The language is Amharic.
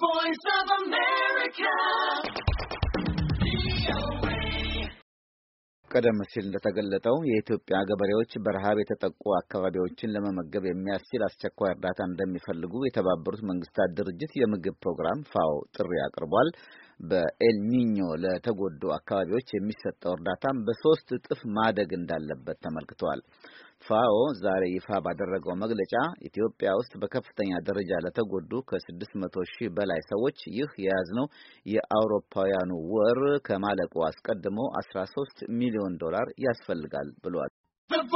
voice of America. ቀደም ሲል እንደተገለጠው የኢትዮጵያ ገበሬዎች በረሃብ የተጠቁ አካባቢዎችን ለመመገብ የሚያስችል አስቸኳይ እርዳታ እንደሚፈልጉ የተባበሩት መንግስታት ድርጅት የምግብ ፕሮግራም ፋኦ ጥሪ አቅርቧል። በኤልኒኞ ለተጎዱ አካባቢዎች የሚሰጠው እርዳታም በሶስት እጥፍ ማደግ እንዳለበት ተመልክቷል። ፋኦ ዛሬ ይፋ ባደረገው መግለጫ ኢትዮጵያ ውስጥ በከፍተኛ ደረጃ ለተጎዱ ከ600 ሺህ በላይ ሰዎች ይህ የያዝነው የአውሮፓውያኑ ወር ከማለቁ አስቀድሞ 13 ሚሊዮን ዶላር ያስፈልጋል ብሏል።